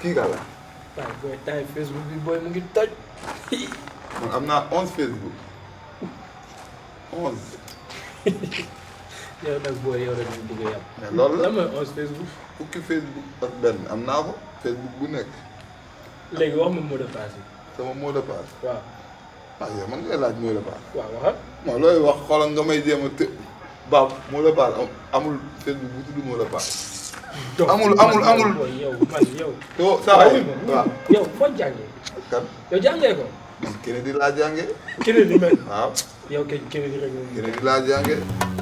kii nga la. waaye booy taay Facebook bi booy mu ngi toj. man am naa onze Facebook onze. yow nag booy yow rek ñu bëgg a yàpp. loolu la onze Facebook. fukki Facebook ak benn am naa ko Facebook bu nekk. léegi wax ma mot de passe yi. sama mot de passe. waaw. ah yow man ngay laaj mot de passe. waaw waxal. looy wax xoolal nga may jéem a të. baam moo la baal amul seen bu tudd moo la baal. amul amul amul yow man yow. yow saa yi waaw yow foo jàngee. kan yow jàngee ko. keneen laa jàngee. keneen laa jàngee.